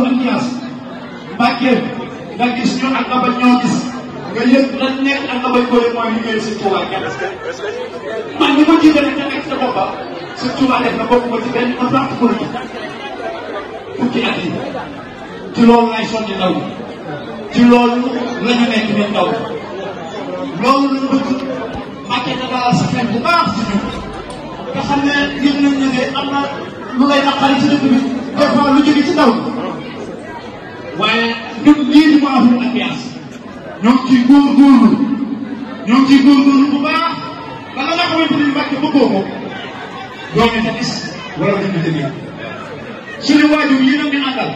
lu ak ñaas Mbàkke nga gis ñu ak nga bañ ñoo gis nga yëg lan nekk ak nga bañ ko yëg mooy si Touba Kanam si Touba def na bokk ko ci benn ma parti politique fukki at yi ci loolu lay soññi ndaw ci loolu la ñu nekk ni ndaw loolu lañ bëgg Mbàkke nga bu baax si ñun nga xam ne yëg nañ am na lu lay naqari ci dëkk bi des fois lu jóge waaye ñun lii di waa Mourou Ambiance ñoo ngi ciy góorgóorlu ñoo ngi ciy góorgóorlu bu baax ba nga xamante ni mbàkk bëggoo ko doome sa gis wala duñ la déggee suñu waajur yi nag ñu àndal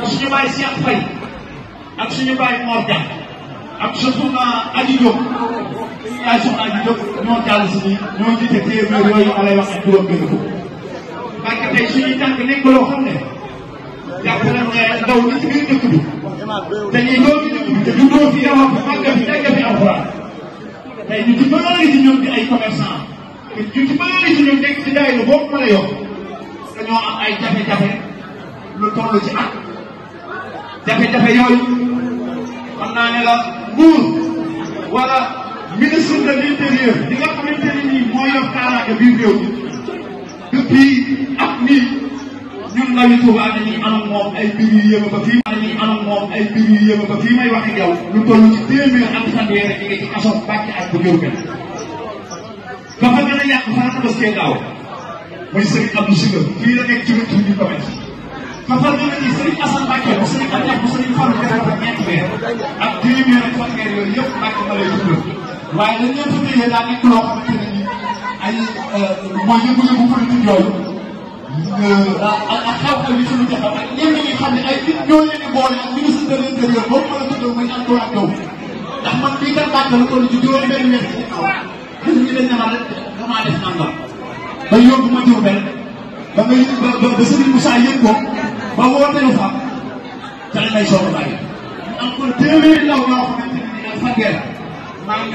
ak suñu baay Mor Diak ak soxna Adi Diop yaay soxna Adi Diop ñoo jàll si ñi ñoo jiite téeméer yooyu ma lay wax ak juróom-benn fukk mbàkk tey suñuy tànk jàpp leen ne ndaw li ci biir dëkk bi te ñuy doon ci dëkk bi te ñu doon fi yàlla bu màgg fi nekk fi alxuraan tey ñu ci bëri ci ñoom di ay commerçant ñu ci bëri ci ñoom nekk ci jaay lu bokk mën a yokk dañoo am ay jafe-jafe lu toll ci at jafe-jafe yooyu xam naa ne la nguur wala ministre de l' intérieur di nga xamante ne nii moo yor kaaraange biir réew depuis at nii. ñun ndawi Touba dañuy am ak moom ay mbir yu yéeme ba may wax ak lu toll ci téeméer ak fanweer ñu ngi ci fa gën a yàq faa tabaskee daaw mooy Serigne Abdou Siga fii la ci wetu ñu ko mel ba fa gën a ni Serigne Assane Mbàkke bu Serigne Abdou bu Serigne Fallou def ko ñetti ak téeméer ak fanweer yooyu yëpp Mbàkke ma lay dugal waaye dañ leen fa tëjee daa nekk loo ne ni ay euh, mooy yëngu-yëngu politique yooyu ak ak xam-xam yi ci lu joxe ak ñenn ñi a tudd muy ak ak yow ndax man bii kan bàq la toll benn weer ci ginnaaw ma rek damaa def nangam ba yóbbu ma jur benn ba nga yëg ba ba ba Serigne may soog a bàyyi am ko téeméeri ndaw yoo xamante ne nii dafa gën maa ngi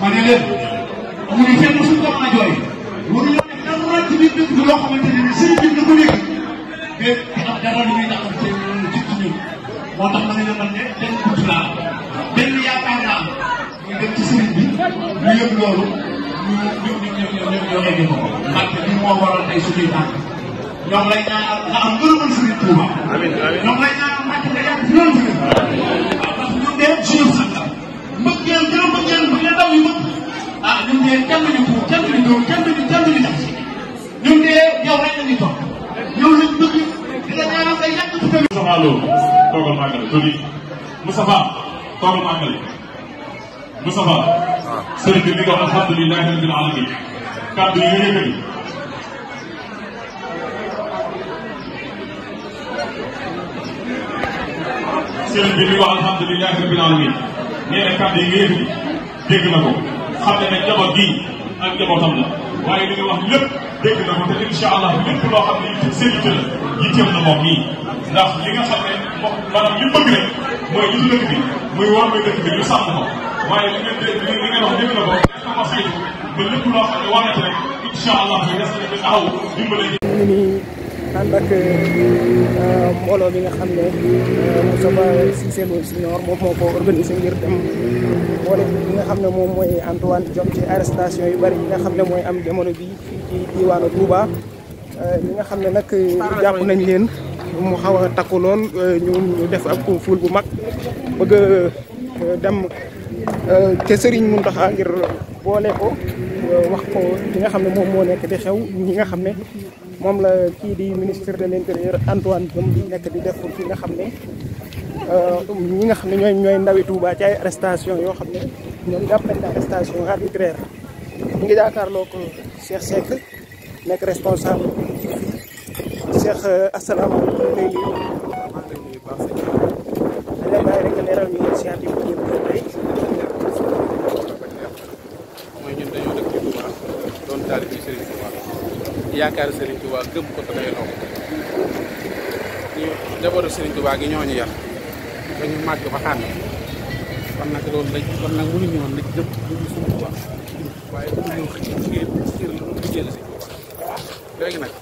ma ne leen amuñu a jooy ci biir dëkk bi loo xamante ne nii sëriñ bi nga ko yëg mais eh, dara lu muy naqari te ñun ci ci ñun moo tax ma ne la man ne benn gudd laa benn yaakaar laa ñu dem ci sëriñ bi ñu yëg loolu ñu ñu ñu ñu ñu ñu egg ko. parce que lii moo waral tey suñuy tànk ñoom lay ñaanal nga am ngërëmal sëriñ Touba. amiin amiin ñoom lay ñaanal Mbàkke nga yàgg fi loolu sëriñ. waaw parce que ñun de suñu sax la mbëggeel gën a mbëggeel bu ñu la daw yu bëgg ah ñun de kenn duñu kenn duñu kenn duñu kenn duñu tax ñun de yow rek la ñuy topp yow lañ bëgg di la ñaanal ngay yàgg ci tamit. Moustapha Lo toogal màggale joli Moustapha toogal màggale Moustapha. waaw sëriñ bi mi ko alhamdulilah rabbil alamin kàddu yi nga yëkkati sëriñ bi mi ko alhamdulilah rabbil alamin nee na kàddu yi nga yëkkati dégg na ko xam ne nag njaboot gii ak njabootam la waaye li nga wax lépp. dégg na ko te incha allah lépp loo xam ne yitte seen yitte la yitteem na moom nii ndax li nga xam ne moom maanaam li bëgg rek mooy li ci dëkk bi muy war muy dëkk bi ñu sàmm ko waaye li ngeen dégg li ngeen wax dégg na ko dafa saytu ba lépp loo xam ne war na ci rek incha allah ñu des na ko taxaw dimbale ànd ak euh, mbooloo bi nga xam ne euh, Moustapha Cissé Lo Junior moom moo ko organisé ngir dem boole bi nga xam ne moom mooy Antoine Diome ci arrestation yu bari yi nga xam ne mooy am jamono bi fii ci diwaanu Touba euh, ñi nga xam ne nag jàpp nañ leen mu xaw a takku lool ñu def ak ful bu mag bëgg a dem te Serigne Mountakha ngir boole ko wax ko li nga xam ne moom moo nekk di xew ñi nga xam ne moom la kii di ministre de l' intérieur Antoine Diome di nekk di def ki nga xam ne euh, ñi nga xam ne ñooy ñooy ndawi Touba ci ay arrestation yoo xam ne ñoom jàpp nañ arrestation arbitraire ñu ngi jaakaarloo ko Cheikh Seck nekk responsable ci fii Cheikh euh, asalaamaaleykum léegi. waaw maa ngi lay nuyu baax yaakaar Serigne Touba gëm ko te doyloo ko ñu njabootu Serigne Touba gi ñoo ñu yar ba ñu màgg ba xàmme kon nag loolu lañ kon nag mënuñu woon nag jëm mënuñu suñu Touba waaye mënuñu xëy xëy xëy la si léegi nag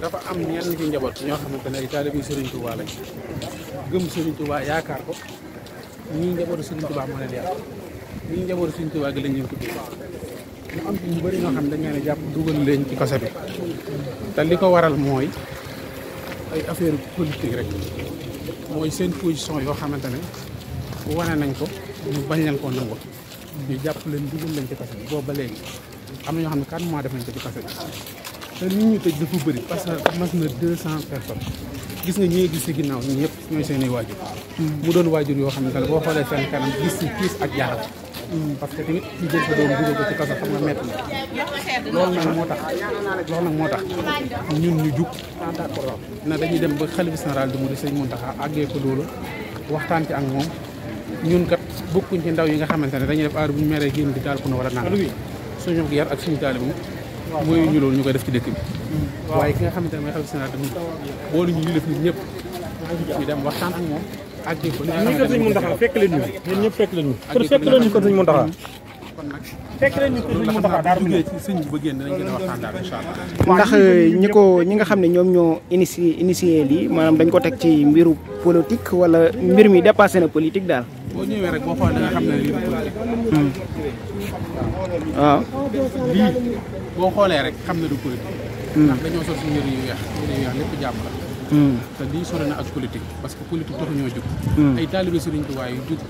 dafa am ci njaboot ñoo xamante ne taalibe Serigne Touba lañ gëm Serigne Touba yaakaar ko ñii moo leen yar ñii njabootu Serigne Touba gi lañ leen mu am ci ñu bëri ñoo xam ne dañ leen a jàpp dugal leen ci kaso bi te li ko waral mooy ay affaire politique rek mooy seen position yoo xamante ne wane nañ ko ñu bañ leen koo nangul ñu jàpp leen dugal leen ci kaso bi boobu ba léegi am ñoo xam ne quatre mois def nañ ko ci kaso bi te nit ñu tëj dafa bëri parce que mas na deux cent personnes gis nga ñii gis si ginnaaw ñu yëpp ñooy seen i waajur hmm. mu doon waajur yoo xam ne boo xoolee seen kanam gis si kiis ak jaaxal Mm, parce que tamit ci jël xam na loolu nag moo tax loolu nag moo tax ñun ñu jug na dañuy dem ba xalifa général di Murid Sëriñ Mountakha àggee ko loolu waxtaan ci ak moom ñun kat bokkuñ ci ndaw yi nga xamante ne dañuy def aar bu ñu meree génn di daal ku ne wala naan suñu yar ak suñu taalibu mooy ñu loolu ñu koy def ci dëkk bi mm. waaye ki nga xamante ne mooy xalifa général di Murid boolu ñu ñu def nit ñëpp dem waxtaan ak moom ak di ko ñi ko sëñ ko sëñ Muntaxa fekk leen ñu ko sëñ Muntaxa daar ndax eh, ñi ko ñi nga xam ne ñoom ñoo initié initié lii maanaam dañ ko teg ci mbiru politique wala mbir mi dépassé na politique daal boo xam ne lii politique hmm. waaw boo xoolee rek xam ne du politique hmm. ndax Mm. te lii sore na ak politique parce que politique taxuñoo jóg mm. ay taalibe sëriñ Tuubaa yu jóg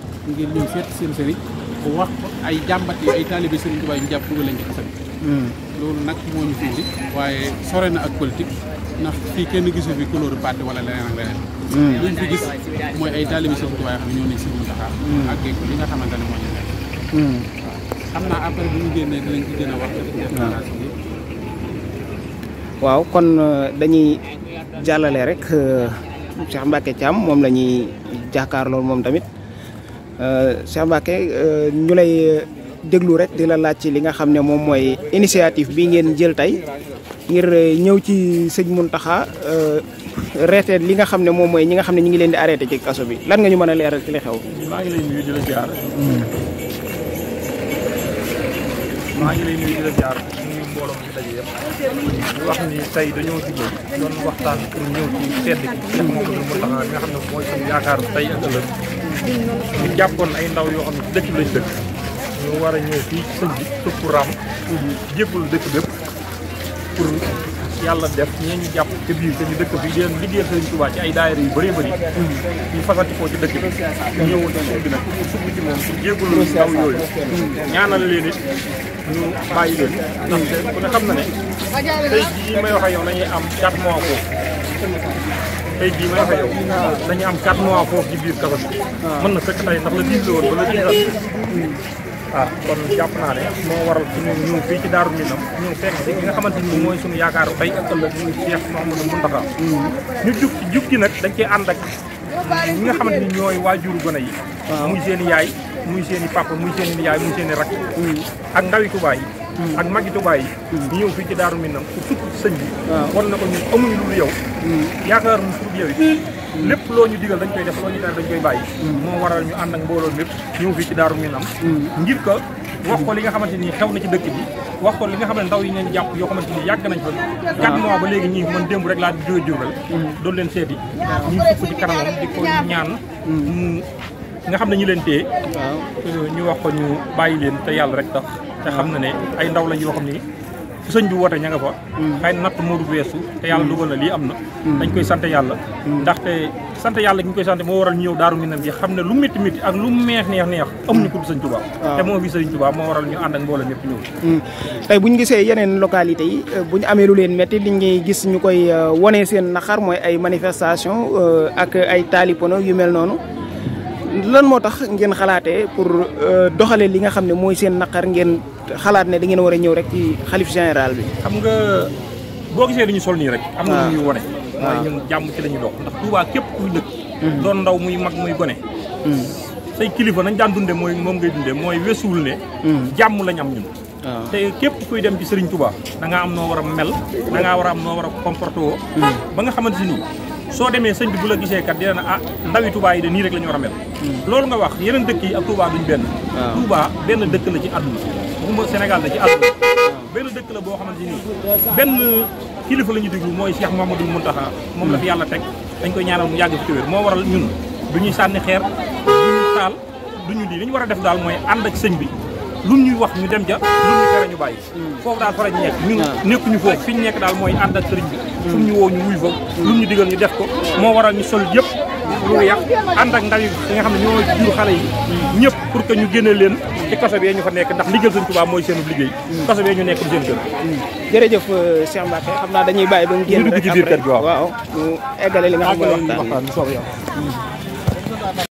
wax ay jàmbat yi ay taalibe sëriñ Tuubaa yu jàpp dugal leen ci xasam mm. loolu nag moo ñu fii waaye sore na ak politique ndax fii kenn gisu fi couleur parti wala leneen leneen luñ fi gis mooy ay taalibe sëriñ Tuubaa yoo xam ne ñoo nañ si mu taxaar ak li nga xamante ne moo ñu nekk xam naa après bu ñu génnee dinañ ci gën a wax waaw kon euh, dañuy jàllale rek euh, Cheikh Mbacke Thiam moom la ñuy jàkkaarloo moom tamit euh, Cheikh Mbacke ñu lay déglu rek dina la laaj ci li nga xam ne moom mooy initiative bi ngeen jël tey ngir ñëw ci sëñ Mountakha reete li nga xam ne moom mooy ñi nga xam ne ñu ngi leen di arrêté ci kaso bi lan nga ñu mën a leeral ci li xew. la jaar. mbooloo mi daje yëpp ñu wax ni tey dañoo jublu doon waxtaan pour ñëw ci tedd ci moom lu mu tax a nga xam mooy suñu yaakaar tey ak ëllëg ñu jàppoon ay ndaw yoo xam ne dëkk lañ dëkk ñu war a ñëw fii sëñ bi sukku raam jéppul dëkk bépp pour yàlla def ñee ñu jàpp ci biir te ñu dëkk bi leen liggéeyal Sëriñ Tuubaa ci ay daayira yu bëree bëri ñu fasati ko ci dëkk bi ñëw bi nag sukk ci moom jéegulu ndaw yooyu ñaanal leen it ñu bàyyi leen ndaxte ku ne xam na ne tey jii may wax ak yow nañuy am quatre mois foofu tey jii may wax ak yow dañuy am quatre mois foofu ci biir kaso bi mën na fekk tey ndax la diis la woon ba la diisal waaw kon jàpp naa ne moo waral suñu ñëw fii ci Daaru Minam ñu fekk si nga xamante ni mooy suñu yaakaaru tey ak ëllëg muy Cheikh Mouhamadou Mountakha mm-hmm. ñu jug ci nag dañ cee ànd ak ñi nga xamante ni ñooy waajuru gone yi muy seen yaay muy seen i muy seen i yaay muy seen rakk mm-hmm. ak ndawi Tuubaa mm-hmm. ak magi Tuubaa yi ñu ñëw fii ci Daaru Minam ku sukk sëñ bi na ko ñun amuñu lu dul yow yaakaar mu sukk yow it lépp loo ñu digal dañ koy def soo ñu tere dañ koy bàyyi mm. moo waral ñu ànd ak mbooloo lépp ñëw fii ci Daaru Minam mm. ngir que wax ko li nga xamante ni xew na ci dëkk bi wax ko li nga xam ne ndaw yi ñu jàpp yoo xamante ni yàgg nañ fa quatre mois ba léegi ñii man démb rek laa jóge jógal mm. doon leen seeti ñu sukk ci kanamam di ko ñaan mu nga xam ne ñu leen téye euh, ñu wax ko ñu bàyyi leen te yàlla rek tax te xam na ne ay ndaw lañ yoo xam ni fu sëñ bi woote ña nga fa mm. xëy na natt moo du weesu te yàlla mm. dugal na lii am na mm. dañ koy sant yàlla ndaxte sant yàlla gi ñu koy sant moo waral ñu ñëw daaru minam gi xam ne lu métti métti ak lu meex neex neex amuñu ko du sëñ Touba te moo fi sëñ Touba moo waral ñu ànd ak mbooloo ñëpp ñëw tey bu ñu gisee yeneen localité yi euh, bu ñu amee lu leen métti li ngay gis ñu koy euh, wonee seen na naxar mooy ay manifestation euh, ak ay pono yu mel noonu lan moo tax ngeen xalaatee pour euh, doxalee li nga xam ne mooy seen naqar ngeen xalaat ne da ngeen war a ñëw rek ci xalif général bi. xam nga boo gisee dañu sol nii rek. am na lu ñuy jàmm ci la ñuy dox ndax képp kuy dëkk. Hmm. doon ndaw muy mag muy gone. Hmm. say kilifa nañ daan dundee mooy moom ngay dundee mooy wesuwul ne. Hmm. jàmm lañ am ñun. Ah. te képp kuy dem ci Serigne Touba da ngaa am noo war a mel da ngaa war a am noo war a comporté woo. ba nga xamante ni. soo demee sëñ bi bu la gisee kat dina ne ah ndawi Touba yi de nii rek la ñu war a loolu nga wax yeneen dëkk yi ak Touba duñ benn Touba benn dëkk la ci àdduna waxuma Sénégal la ci àdduna benn dëkk la boo xamante ni benn kilifa la ñu déglu mooy Cheikh Mouhamadoul Mountakha moom la fi yàlla teg dañ koy ñaanal mu yàgg fi téwéer moo waral ñun du ñuy sànni xeer du taal du ñu lii li ñu war a def daal mooy ànd ak sëñ bi lu ñuy wax ñu dem ja lu ñuy tere ñu bàyyi mm. foofu daal farañ nekk ñun nekkuñu foofu fi ñu nekk daal mooy ànd ak sëriñ bi fu ñu woo ñu wuy fa lu ñu digal ñu def ko moo waral ñu sol yëpp lu yàq ànd ak nga xam ne ñoo xale yi mm. ñëpp pour que ñu génne leen ci kaso bee ñu fa nekk ndax liggéey sëñ Tuubaa mooy seen liggéey mm. kaso bee ñu nekk du seen kër jërëjëf euh, Cheikh Mbacke xam naa dañuy bàyyi ba mu génn rek après waaw ñu eggale li nga xam ne waxtaan